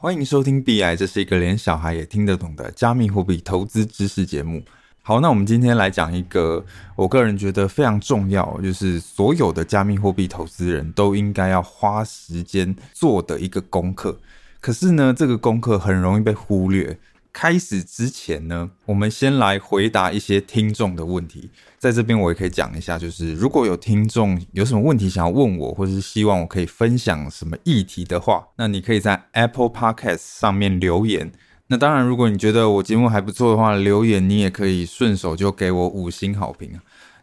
歡迎收聽 BI，這是一個連小孩也聽得懂的加密貨幣投資知識節目。好，那我們今天來講一個我個人覺得非常重要，就是所有的加密貨幣投資人都應該要花時間做的一個功課。可是呢，這個功課很容易被忽略。開始之前呢，我們先來回答一些聽眾的問題。在這邊我也可以講一下，就是如果有聽眾有什麼問題想要問我，或者是希望我可以分享什麼議題的話，那你可以在 Apple Podcast 上面留言。那當然，如果你覺得我節目還不錯的話，留言你也可以順手就給我五星好評。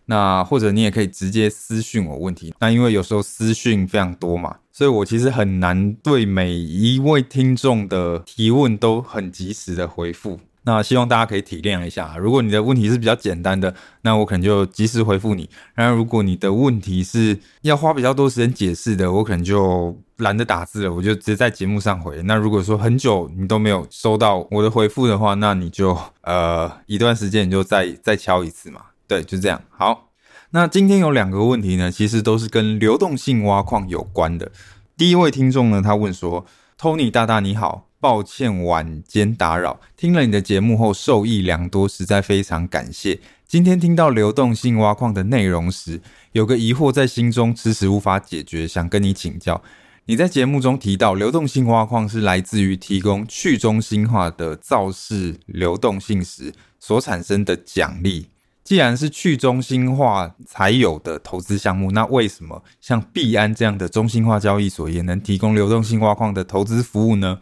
那或者你也可以直接私訊我問題。那因為有時候私訊非常多嘛，所以我其實很難對每一位聽眾的提問都很及時的回復。那希望大家可以體諒一下。如果你的問題是比較簡單的，那我可能就及時回復你。然後如果你的問題是要花比較多時間解釋的，我可能就懶得打字了，我就直接在節目上回。那如果說很久你都沒有收到我的回復的話，那你就呃一段時間你就再再敲一次嘛。對，就這樣。好，那今天有兩個問題呢，其實都是跟流動性挖礦有關的。第一位聽眾呢，他問說：“Tony 大大你好，抱歉晚間打擾，聽了你的節目後受益良多，實在非常感謝。今天聽到流動性挖礦的內容時，有個疑惑在心中遲遲無法解決，想跟你請教。你在節目中提到，流動性挖礦是來自於提供去中心化的造市流動性時所產生的獎勵。”既然是去中心化才有的投資項目，那為什麼像幣安這樣的中心化交易所也能提供流動性挖礦的投資服務呢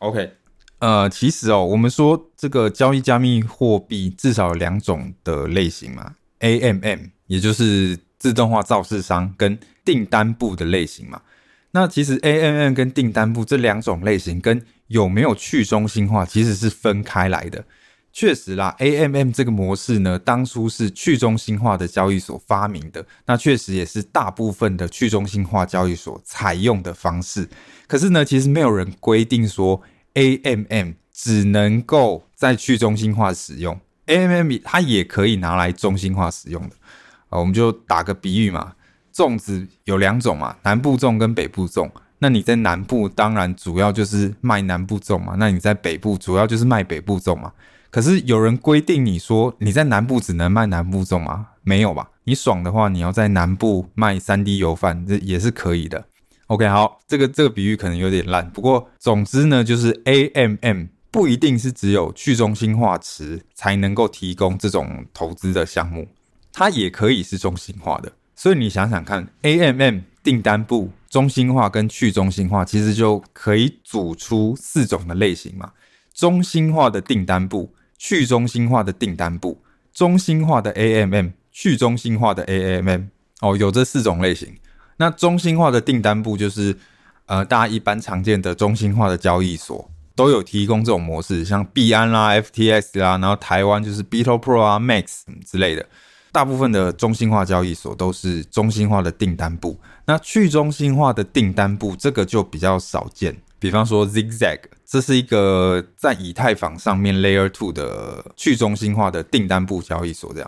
？OK，呃，其實哦，我們說這個交易加密貨幣至少有兩種的類型嘛，AMM 也就是自動化造市商跟訂單簿的類型嘛。那其實 AMM 跟訂單簿這兩種類型跟有沒有去中心化其實是分開來的。確實啦，AMM 這個模式呢，當初是去中心化的交易所發明的，那確實也是大部分的去中心化交易所採用的方式。可是呢，其實沒有人規定說 AMM 只能夠在去中心化使用，AMM 它也可以拿來中心化使用的。啊，我們就打個比喻嘛，粽子有兩種嘛，南部粽跟北部粽。那你在南部當然主要就是賣南部粽嘛，那你在北部主要就是賣北部粽嘛。可是有人規定你說，你在南部只能賣南部粽嗎？沒有吧。你爽的話，你要在南部賣三 D 油飯，這也是可以的。OK，好，這個這個比喻可能有點爛，不過總之呢，就是 AMM 不一定是只有去中心化池才能夠提供這種投資的項目，它也可以是中心化的。所以你想想看，AMM 訂單簿、中心化跟去中心化其實就可以組出四種的類型嘛。中心化的訂單簿，去中心化的訂單簿，中心化的 AMM，去中心化的 AMM，哦，有這四種類型。那中心化的訂單簿就是，呃，大家一般常見的中心化的交易所都有提供這種模式，像幣安啦、FTX 啦，然後台灣就是 BitoPro 啊、Max 之類的，大部分的中心化交易所都是中心化的訂單簿，那去中心化的訂單簿，這個就比較少見。比方說 ZigZag，這是一個在以太坊上面 layer two 的去中心化的訂單簿交易所，這樣，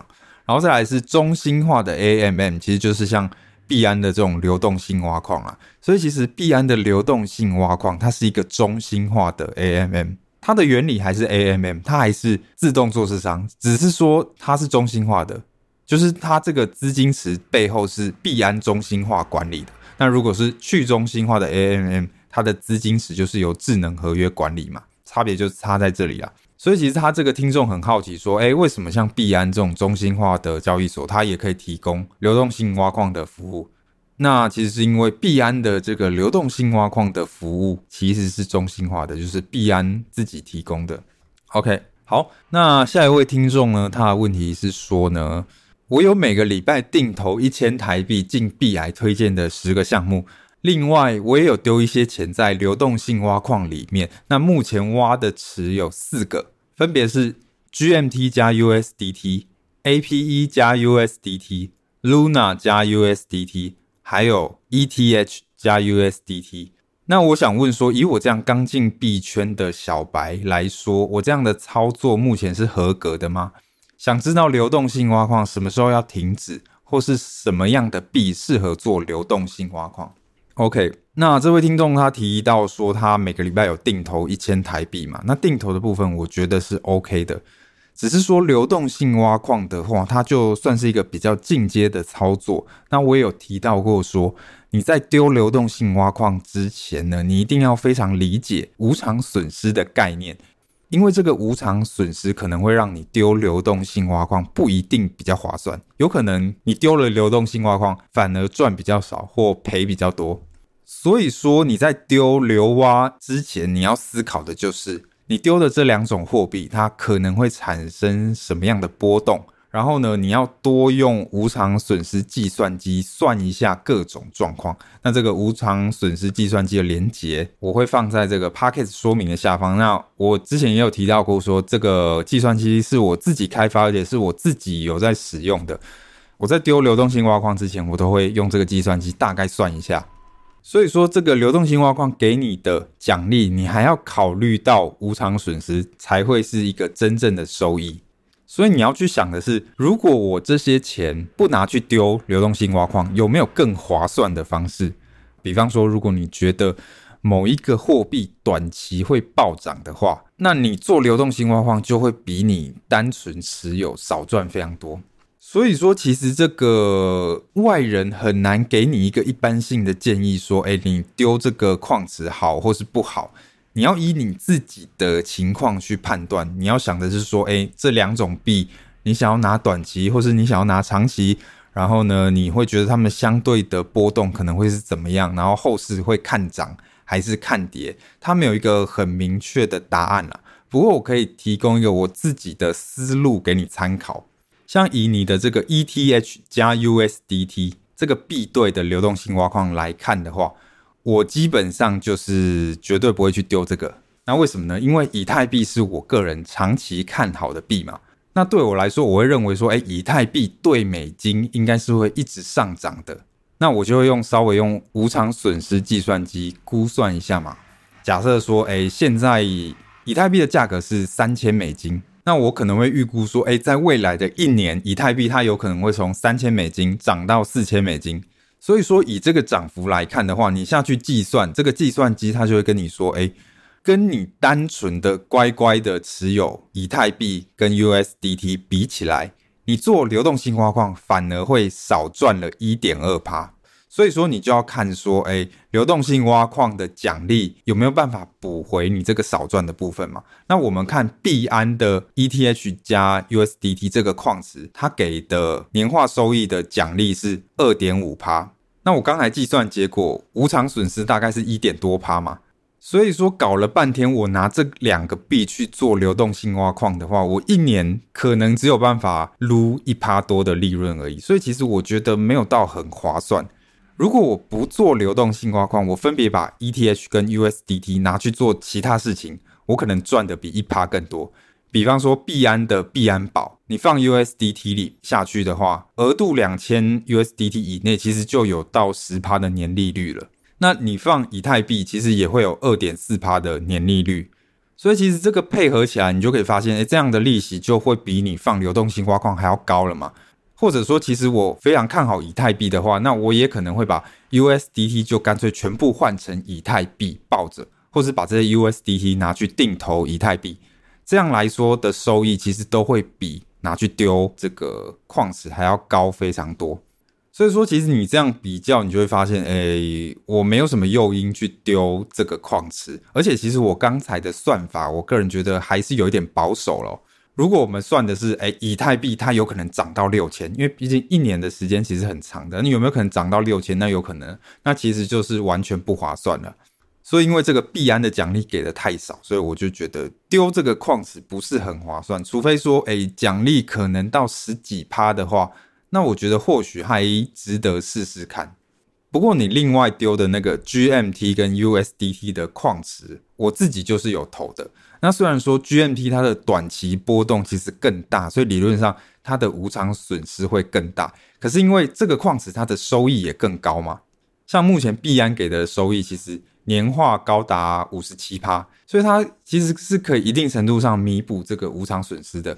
然後再來是中心化的 AMM，其實就是像幣安的這種流動性挖礦啊，所以其實幣安的流動性挖礦，它是一個中心化的 AMM，它的原理還是 AMM，它還是自動做市商，只是說它是中心化的，就是它這個資金池背後是幣安中心化管理的，那如果是去中心化的 AMM。它的資金池就是由智能合約管理嘛，差別就差在這裡了。所以其實他這個聽眾很好奇，說：“哎、欸，為什麼像幣安這種中心化的交易所，它也可以提供流動性挖礦的服務？”那其實是因為幣安的這個流動性挖礦的服務其實是中心化的，就是幣安自己提供的。OK，好，那下一位聽眾呢？他的問題是說呢，我有每個禮拜定投一千台幣進幣安推薦的十個項目。另外，我也有丟一些錢在流動性挖礦裡面。那目前挖的池有四個，分別是 GMT 加 USDT、APE 加 USDT、Luna 加 USDT，還有 ETH 加 USDT。那我想問說，以我這樣剛進幣圈的小白來說，我這樣的操作目前是合格的嗎？想知道流動性挖礦什麼時候要停止，或是什麼樣的幣適合做流動性挖礦？OK，那這位聽眾他提到說他每個禮拜有定投一千台幣嘛，那定投的部分我覺得是 OK 的，只是說流動性挖礦的話，它就算是一個比較進階的操作。那我也有提到過說，你在丟流動性挖礦之前呢，你一定要非常理解無常損失的概念。因為這個無常損失可能會讓你丟流動性挖礦，不一定比較划算。有可能你丟了流動性挖礦，反而賺比較少或賠比較多。所以說你在丟流挖之前，你要思考的就是你丟的這兩種貨幣，它可能會產生什麼樣的波動。然後呢，你要多用無常損失計算機算一下各種狀況。那這個無常損失計算機的連接，我會放在這個 package 說明的下方。那我之前也有提到過，說這個計算機是我自己開發，而且是我自己有在使用的。我在丟流動性挖礦之前，我都會用這個計算機大概算一下。所以說，這個流動性挖礦給你的獎勵，你還要考慮到無常損失，才會是一個真正的收益。所以你要去想的是，如果我這些錢不拿去丟流動性挖礦，有沒有更划算的方式？比方說，如果你覺得某一個貨幣短期會暴漲的話，那你做流動性挖礦就會比你單純持有少賺非常多。所以說，其實這個外人很難給你一個一般性的建議，說，誒、欸，你丟這個礦池好或是不好。你要以你自己的情況去判斷，你要想的是說，誒、欸，這兩種幣，你想要拿短期，或是你想要拿長期，然後呢，你會覺得它們相對的波動可能會是怎麼樣，然後後市會看漲還是看跌，它沒有一個很明確的答案啊。不過我可以提供一個我自己的思路給你參考，像以你的這個 ETH 加 USDT 這個幣對的流動性挖礦來看的話。我基本上就是絕對不會去丟這個。那為什麼呢？因為以太幣是我個人長期看好的幣嘛。那對我來說，我會認為說，哎、欸，以太幣兌美金應該是會一直上漲的。那我就會用稍微用無常損失計算機估算一下嘛。假設說，哎、欸，現在以太幣的價格是三千美金，那我可能會預估說，哎、欸，在未來的一年，以太幣它有可能會從三千美金漲到四千美金。所以說，以這個漲幅來看的話，你下去計算，這個計算機它就會跟你說，哎、欸，跟你單純的乖乖的持有以太幣跟 USDT 比起來，你做流動性挖礦反而會少賺了一點二趴。所以說，你就要看說，哎、欸，流動性挖礦的獎勵有沒有辦法補回你這個少賺的部分嘛？那我們看幣安的 ETH 加 USDT 這個礦池，它給的年化收益的獎勵是二點五趴。那我剛才計算結果，無常損失大概是一點多趴嘛。所以說，搞了半天，我拿這兩個幣去做流動性挖礦的話，我一年可能只有辦法擼一趴多的利潤而已。所以，其實我覺得沒有到很划算。如果我不做流動性挖礦，我分別把 ETH 跟 USDT 拿去做其他事情，我可能賺的比一趴更多。比方說幣安的幣安寶，你放 USDT 裡下去的話，額度兩千 USDT 以內，其實就有到十趴的年利率了。那你放以太幣，其實也會有二點四趴的年利率。所以其實這個配合起來，你就可以發現，哎、欸，這樣的利息就會比你放流動性挖礦還要高了嘛。或者說，其實我非常看好以太幣的話，那我也可能會把 USDT 就乾脆全部換成以太幣抱着，或是把這些 USDT 拿去定投以太幣，這樣來說的收益其實都會比拿去丟這個礦池還要高非常多。所以說，其實你這樣比較，你就會發現，哎、欸，我沒有什麼誘因去丟這個礦池，而且其實我剛才的算法，我個人覺得還是有一點保守咯。如果我們算的是，哎、欸，以太幣它有可能漲到六千，因為畢竟一年的時間其實很長的，你有沒有可能漲到六千？那有可能，那其實就是完全不划算了。所以因為這個幣安的獎勵給的太少，所以我就覺得丟這個礦池不是很划算。除非說，哎、欸，獎勵可能到十幾趴的話，那我覺得或許還值得試試看。不過你另外丟的那個 GMT 跟 USDT 的礦池，我自己就是有投的。那雖然說 GMT 它的短期波動其實更大，所以理論上它的無常損失會更大。可是因為這個礦池它的收益也更高嘛，像目前幣安給的收益其實年化高達五十七趴，所以它其實是可以一定程度上彌補這個無常損失的。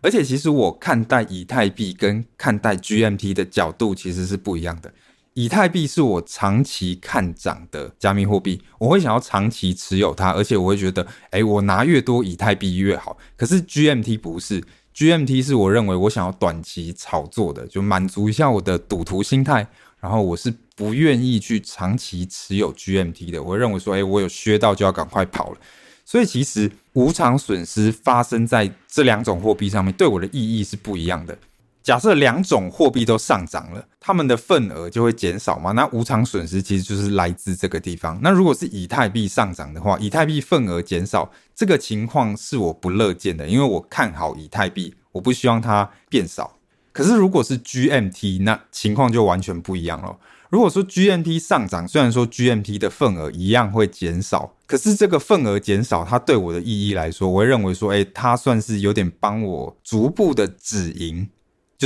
而且其實我看待以太幣跟看待 GMT 的角度其實是不一樣的。以太幣是我長期看漲的加密貨幣，我會想要長期持有它，而且我會覺得，哎、欸，我拿越多以太幣越好。可是 GMT 不是，GMT 是我認為我想要短期炒作的，就滿足一下我的賭徒心態。然後我是不願意去長期持有 GMT 的，我認為說，哎、欸，我有削到就要趕快跑了。所以其實無常損失發生在這兩種貨幣上面，對我的意義是不一樣的。假設兩種貨幣都上漲了，它們的份額就會減少嘛，那無常損失其實就是來自這個地方。那如果是以太幣上漲的話，以太幣份額減少，這個情況是我不樂見的，因為我看好以太幣，我不希望它變少。可是如果是 GMT，那情況就完全不一樣了。如果說 GMT 上漲，雖然說 GMT 的份額一樣會減少，可是這個份額減少，它對我的意義來說，我會認為說，哎、欸，它算是有點幫我逐步的止盈。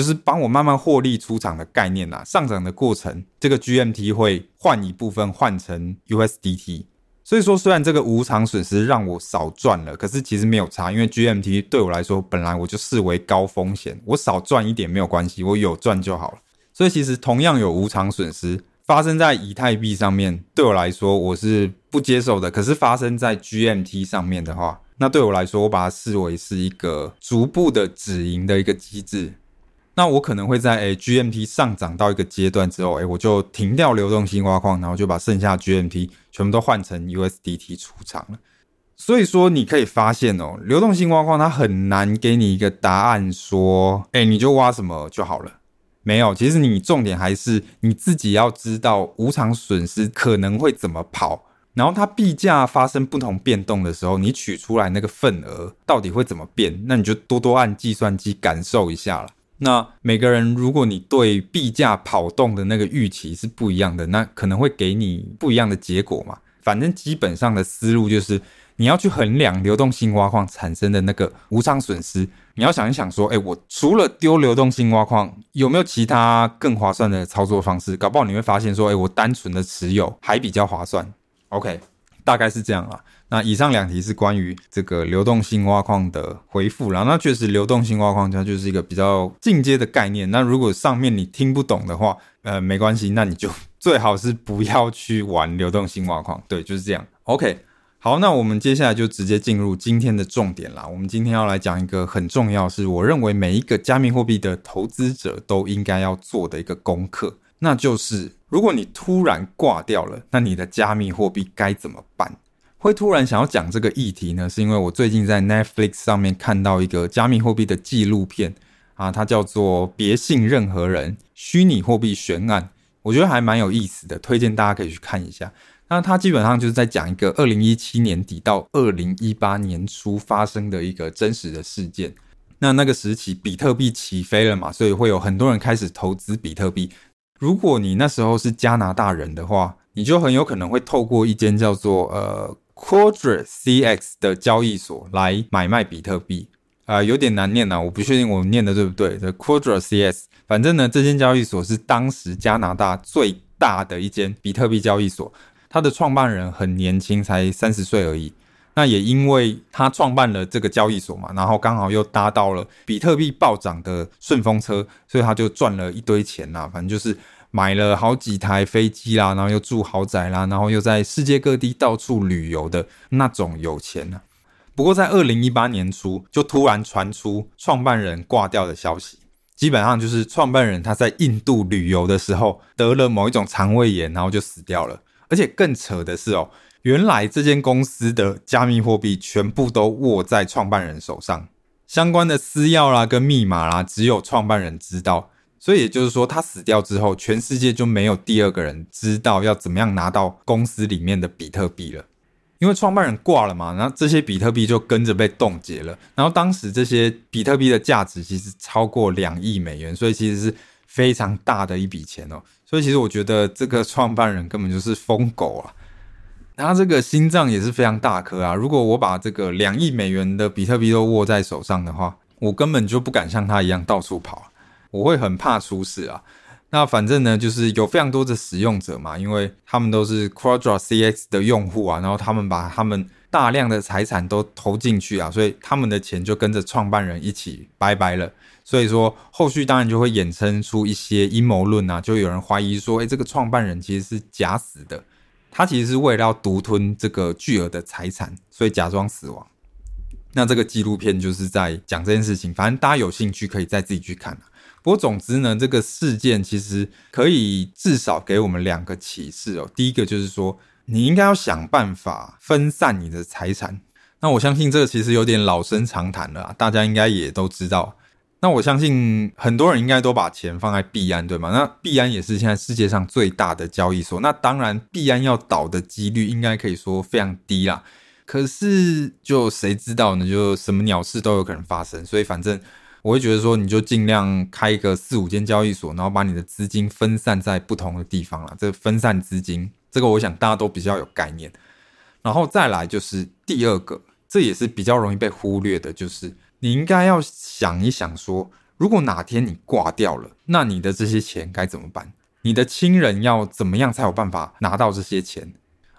就是幫我慢慢獲利出場的概念吶、啊，上漲的過程，這個 GMT 會換一部分換成 USDT。所以說，雖然這個無常損失讓我少賺了，可是其實沒有差，因為 GMT 對我來說本來我就視為高風險，我少賺一點沒有關係，我有賺就好了。所以其實同樣有無常損失發生在以太幣上面，對我來說我是不接受的。可是發生在 GMT 上面的話，那對我來說，我把它視為是一個逐步的止盈的一個機制。那我可能會在誒 GMT 上漲到一個階段之後誒、欸，我就停掉流動性挖礦，然後就把剩下 GMT 全部都換成 USDT 出場了。所以說，你可以發現哦、喔，流動性挖礦它很難給你一個答案說，說、欸、誒你就挖什麼就好了。沒有，其實你重點還是你自己要知道無常損失可能會怎麼跑，然後它幣價發生不同變動的時候，你取出來那個份額到底會怎麼變，那你就多多按計算機感受一下了。那每個人，如果你對幣價跑動的那個預期是不一樣的，那可能會給你不一樣的結果嘛。反正基本上的思路就是，你要去衡量流動性挖礦產生的那個無常損失。你要想一想說，哎、欸，我除了丟流動性挖礦，有沒有其他更划算的操作方式？搞不好你會發現說，哎、欸，我單純的持有還比較划算。OK。大概是這樣啊。那以上兩題是關於這個流動性挖礦的回復，然後，那確實，流動性挖礦它就是一個比較進階的概念。那如果上面你聽不懂的話，呃，沒關係，那你就最好是不要去玩流動性挖礦。對，就是這樣。OK，好，那我們接下來就直接進入今天的重點啦。我們今天要來講一個很重要，是我認為每一個加密貨幣的投資者都應該要做的一個功課，那就是。如果你突然掛掉了，那你的加密貨幣該怎麼辦？會突然想要講這個議題呢？是因為我最近在 Netflix 上面看到一個加密貨幣的紀錄片啊，它叫做《別信任何人：虛擬貨幣懸案》，我覺得還蠻有意思的，推薦大家可以去看一下。那它基本上就是在講一個二零一七年底到二零一八年初發生的一個真實的事件。那那個時期比特幣起飛了嘛，所以會有很多人開始投資比特幣。如果你那時候是加拿大人的話，你就很有可能會透過一間叫做呃 Quadra CX 的交易所來買賣比特幣。啊、呃，有點難念吶、啊，我不確定我念的對不對。這 Quadra CX，反正呢，這間交易所是當時加拿大最大的一間比特幣交易所。它的創辦人很年輕，才三十歲而已。那也因為他創辦了這個交易所嘛，然後剛好又搭到了比特幣暴漲的順風車，所以他就賺了一堆錢啦。反正就是買了好幾台飛機啦，然後又住豪宅啦，然後又在世界各地到處旅遊的那種有錢吶、啊。不過在二零一八年初，就突然傳出創辦人掛掉的消息，基本上就是創辦人他在印度旅遊的時候得了某一種腸胃炎，然後就死掉了。而且更扯的是哦，原來這間公司的加密貨幣全部都握在創辦人手上，相關的私鑰啦、啊、跟密碼啦、啊，只有創辦人知道。所以也就是說，他死掉之後，全世界就沒有第二個人知道要怎麼樣拿到公司裡面的比特幣了。因為創辦人掛了嘛，然後這些比特幣就跟着被凍結了。然後當時這些比特幣的價值其實超過兩億美元，所以其實是非常大的一筆錢哦。所以其實我覺得這個創辦人根本就是瘋狗啊，他這個心臟也是非常大顆啊。如果我把這個兩億美元的比特幣都握在手上的話，我根本就不敢像他一樣到處跑，我會很怕出事啊。那反正呢，就是有非常多的使用者嘛，因為他們都是 Quadra CX 的用戶啊，然後他們把他們。大量的財產都投進去啊，所以他們的錢就跟着創辦人一起拜拜了。所以說後續當然就會衍生出一些陰謀論啊，就有人懷疑說，誒、欸，這個創辦人其實是假死的，他其實是為了要獨吞這個巨額的財產，所以假裝死亡。那這個紀錄片就是在講這件事情，反正大家有興趣可以再自己去看啊。不過總之呢，這個事件其實可以至少給我們兩個啟示哦。第一個就是說。你應該要想辦法分散你的財產。那我相信這個其實有點老生常談了，大家應該也都知道。那我相信很多人應該都把錢放在幣安，對嗎？那幣安也是現在世界上最大的交易所。那當然，幣安要倒的幾率應該可以說非常低啦。可是，就誰知道呢？就什麼鳥事都有可能發生。所以，反正我會覺得說，你就盡量開一個四五間交易所，然後把你的資金分散在不同的地方啦。這個、分散資金。這個我想大家都比較有概念，然後再來就是第二個，這也是比較容易被忽略的，就是你應該要想一想說，如果哪天你掛掉了，那你的這些錢該怎麼辦？你的親人要怎麼樣才有辦法拿到這些錢？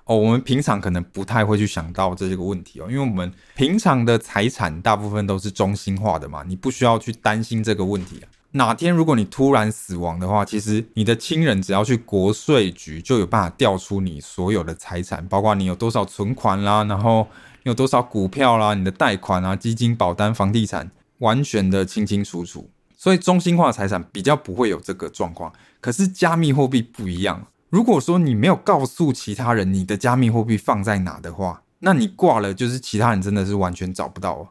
哦，我們平常可能不太會去想到這個問題哦，因為我們平常的財產大部分都是中心化的嘛，你不需要去擔心這個問題啊。哪天如果你突然死亡的話，其實你的親人只要去國稅局，就有辦法調出你所有的財產，包括你有多少存款啦，然後你有多少股票啦，你的貸款啊、基金、保單、房地產，完全的清清楚楚。所以中心化的財產比較不會有這個狀況，可是加密貨幣不一樣。如果說你沒有告訴其他人你的加密貨幣放在哪的話，那你掛了，就是其他人真的是完全找不到哦。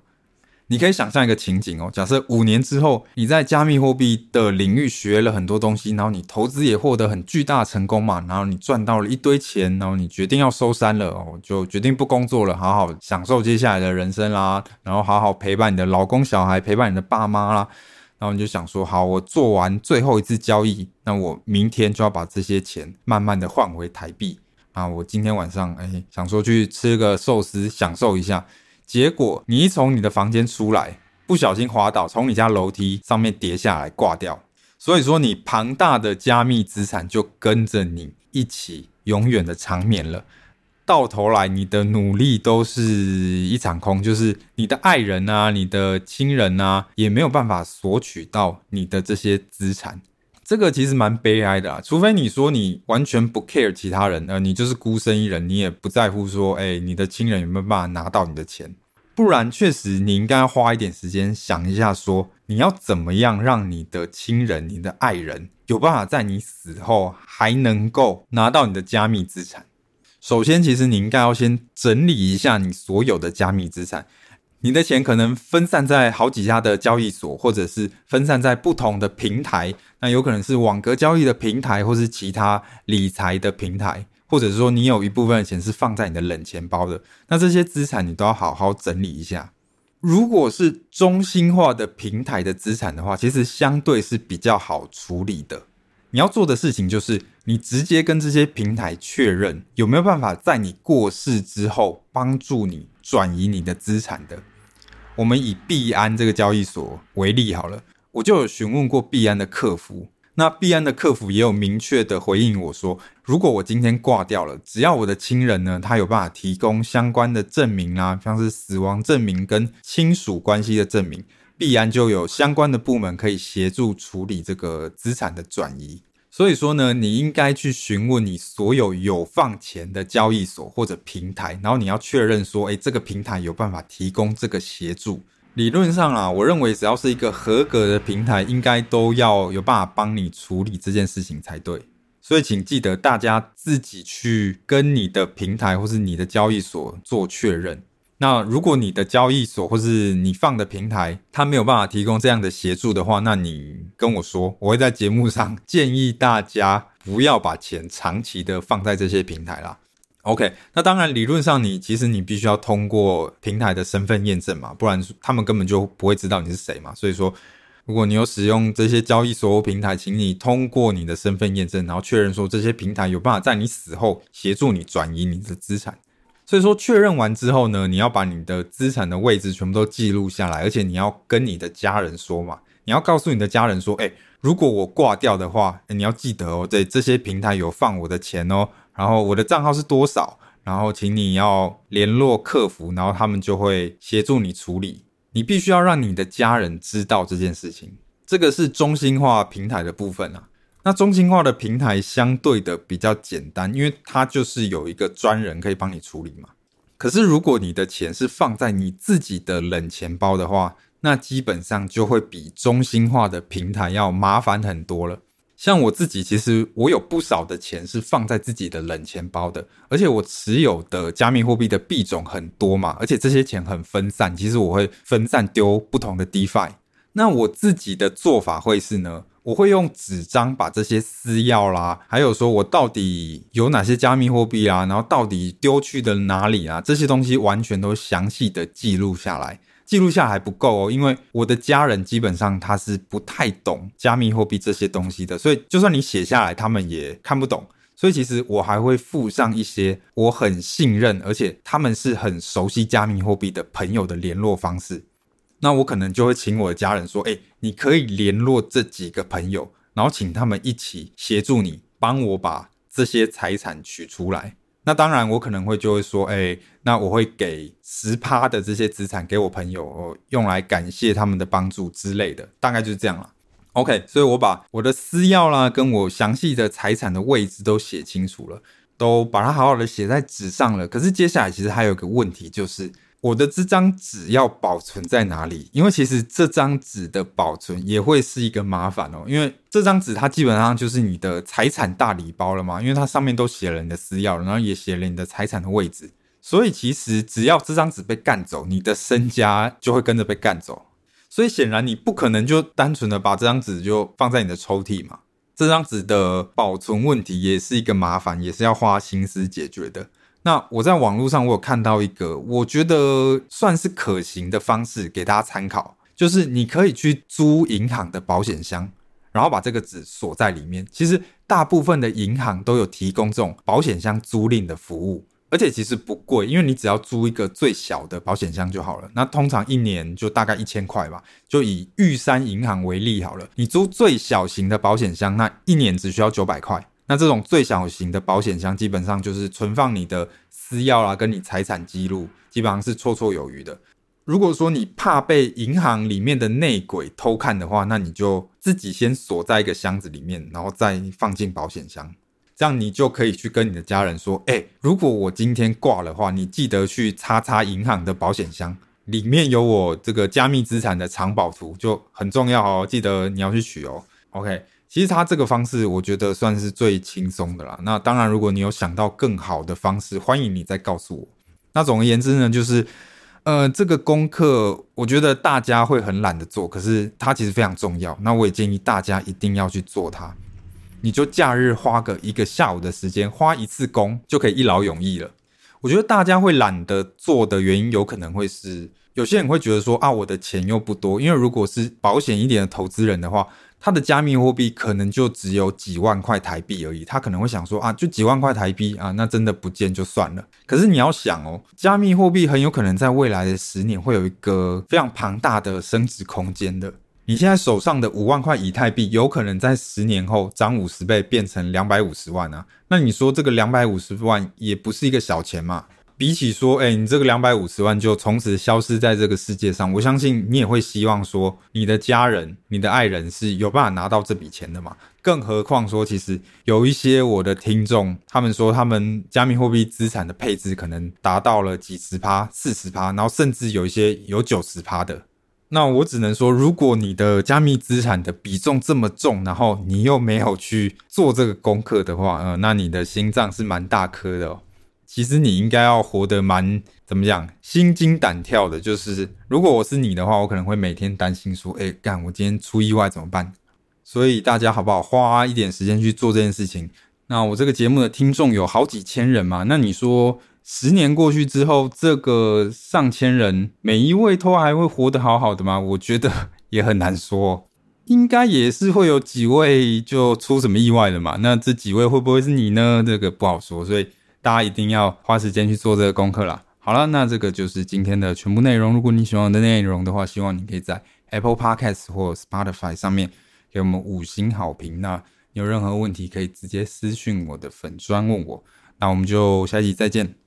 你可以想象一個情景哦，假設五年之後你在加密貨幣的領域學了很多東西，然後你投資也獲得很巨大的成功嘛，然後你賺到了一堆錢，然後你決定要收山了哦，就決定不工作了，好好享受接下來的人生啦，然後好好陪伴你的老公、小孩，陪伴你的爸媽啦，然後你就想說，好，我做完最後一次交易，那我明天就要把這些錢慢慢的換回台幣啊，那我今天晚上哎、欸，想說去吃個壽司，享受一下。結果你一從你的房間出來，不小心滑倒，從你家樓梯上面跌下來掛掉。所以說你龐大的加密資產就跟着你一起永遠的長眠了。到頭來你的努力都是一場空，就是你的愛人啊，你的親人啊，也沒有辦法索取到你的這些資產。這個其實蠻悲哀的啦、啊，除非你說你完全不 care 其他人，而、呃、你就是孤身一人，你也不在乎說，哎，你的親人有沒有辦法拿到你的錢，不然確實你應該要花一點時間想一下說，說你要怎麼樣讓你的親人、你的愛人有辦法在你死後還能夠拿到你的加密資產。首先，其實你應該要先整理一下你所有的加密資產。你的錢可能分散在好幾家的交易所，或者是分散在不同的平台，那有可能是網格交易的平台，或是其他理財的平台，或者是說你有一部分的錢是放在你的冷錢包的。那這些資產你都要好好整理一下。如果是中心化的平台的資產的話，其實相對是比較好處理的。你要做的事情就是，你直接跟這些平台確認有沒有辦法在你過世之後幫助你，轉移你的資產的，我們以幣安這個交易所為例好了，我就有詢問過幣安的客服，那幣安的客服也有明確的回應我說，如果我今天掛掉了，只要我的親人呢，他有辦法提供相關的證明啊，像是死亡證明跟親屬關係的證明，幣安就有相關的部門可以協助處理這個資產的轉移。所以說呢，你應該去詢問你所有有放錢的交易所或者平台，然後你要確認說，哎、欸，這個平台有辦法提供這個協助。理論上啊，我認為只要是一個合格的平台，應該都要有辦法幫你處理這件事情才對。所以請記得大家自己去跟你的平台或是你的交易所做確認。那如果你的交易所或是你放的平台，它沒有辦法提供這樣的協助的話，那你跟我說，我會在節目上建議大家不要把錢長期的放在這些平台啦。OK，那當然理論上你其實你必須要通過平台的身份驗證嘛，不然他們根本就不會知道你是誰嘛。所以說，如果你有使用這些交易所或平台，請你通過你的身份驗證，然後確認說，這些平台有辦法在你死後協助你轉移你的資產。所以說確認完之後呢，你要把你的資產的位置全部都記錄下來，而且你要跟你的家人說嘛，你要告訴你的家人說，哎，欸，如果我掛掉的話，欸，你要記得哦，對，這些平台有放我的錢哦，然後我的賬號是多少，然後請你要聯絡客服，然後他們就會協助你處理。你必須要讓你的家人知道這件事情，這個是中心化平台的部分啊。那中心化的平台相對的比較簡單，因為它就是有一個專人可以幫你處理嘛。可是如果你的錢是放在你自己的冷錢包的話，那基本上就會比中心化的平台要麻煩很多了。像我自己，其實我有不少的錢是放在自己的冷錢包的，而且我持有的加密貨幣的幣種很多嘛，而且這些錢很分散。其實我會分散丟不同的 DeFi。那我自己的做法會是呢？我會用紙張把這些私鑰啦，還有說我到底有哪些加密貨幣啊，然後到底丟去的哪裡啊，這些東西完全都詳細地記錄下來。記錄下來不夠哦，因為我的家人基本上他是不太懂加密貨幣這些東西的，所以就算你寫下來，他們也看不懂。所以其實我還會附上一些我很信任，而且他們是很熟悉加密貨幣的朋友的聯絡方式。那我可能就會請我的家人說：“哎、欸，你可以聯絡這幾個朋友，然後請他們一起協助你，幫我把這些財產取出來。”那當然，我可能會就會說：“哎、欸，那我會給十趴的這些資產給我朋友，用來感謝他們的幫助之類的。”大概就是這樣了。OK，所以我把我的私鑰啦，跟我詳細的財產的位置都寫清楚了，都把它好好的寫在紙上了。可是接下來其實還有一個問題就是。我的這張紙要保存在哪裡？因為其實這張紙的保存也會是一個麻煩哦，因為這張紙它基本上就是你的財產大禮包了嘛，因為它上面都寫了你的私鑰，然後也寫了你的財產的位置，所以其實只要這張紙被幹走，你的身家就會跟着被幹走。所以顯然你不可能就單純的把這張紙就放在你的抽屜嘛。這張紙的保存問題也是一個麻煩，也是要花心思解決的。那我在網絡上我有看到一個，我覺得算是可行的方式給大家參考，就是你可以去租銀行的保險箱，然後把這個紙鎖在裡面。其實大部分的銀行都有提供這種保險箱租賃的服務，而且其實不貴，因為你只要租一個最小的保險箱就好了。那通常一年就大概一千塊吧。就以玉山銀行為例好了，你租最小型的保險箱，那一年只需要九百塊。那這種最小型的保險箱，基本上就是存放你的私鑰啦、啊，跟你財產記錄，基本上是綽綽有餘的。如果說你怕被銀行裡面的內鬼偷看的話，那你就自己先鎖在一個箱子裡面，然後再放進保險箱，這樣你就可以去跟你的家人說：“哎、欸，如果我今天掛的話，你記得去查查銀行的保險箱，裡面有我這個加密資產的藏寶圖，就很重要哦，記得你要去取哦。” OK。其實他這個方式，我覺得算是最輕鬆的啦。那當然，如果你有想到更好的方式，歡迎你再告訴我。那總而言之呢，就是，呃，這個功課我覺得大家會很懶得做，可是它其實非常重要。那我也建議大家一定要去做它。你就假日花個一個下午的時間，花一次工就可以一勞永逸了。我覺得大家會懶得做的原因，有可能會是有些人會覺得說啊，我的錢又不多。因為如果是保險一點的投資人的話。他的加密貨幣可能就只有幾萬塊台幣而已，他可能會想說啊，就幾萬塊台幣啊，那真的不見就算了。可是你要想哦，加密貨幣很有可能在未來的十年會有一個非常龐大的升值空間的。你現在手上的五萬塊以太幣，有可能在十年後漲五十倍，變成兩百五十萬呢，啊。那你說這個兩百五十萬也不是一個小錢嘛？比起說，哎、欸，你這個兩百五十萬就從此消失在這個世界上，我相信你也會希望說，你的家人、你的愛人是有辦法拿到這筆錢的嘛？更何況說，其實有一些我的聽眾，他們說他們加密貨幣資產的配置可能達到了幾十趴、四十趴，然後甚至有一些有九十趴的。那我只能說，如果你的加密資產的比重這麼重，然後你又沒有去做這個功課的話，嗯、呃，那你的心臟是蠻大顆的哦。其實你應該要活得蠻怎麼講，心驚膽跳的。就是如果我是你的話，我可能會每天擔心說：“欸，幹，我今天出意外怎麼辦？”所以大家好不好花一點時間去做這件事情？那我這個節目的聽眾有好幾千人嘛，那你說十年過去之後，這個上千人，每一位都還會活得好好的嗎？我覺得也很難說，應該也是會有幾位就出什麼意外的嘛。那這幾位會不會是你呢？這個不好說，所以。大家一定要花時間去做這個功課啦。好了，那這個就是今天的全部內容。如果你喜歡我的內容的話，希望你可以在 Apple Podcast 或者 Spotify 上面給我們五星好評。那你有任何問題可以直接私訊我的粉專問我。那我們就下期再見。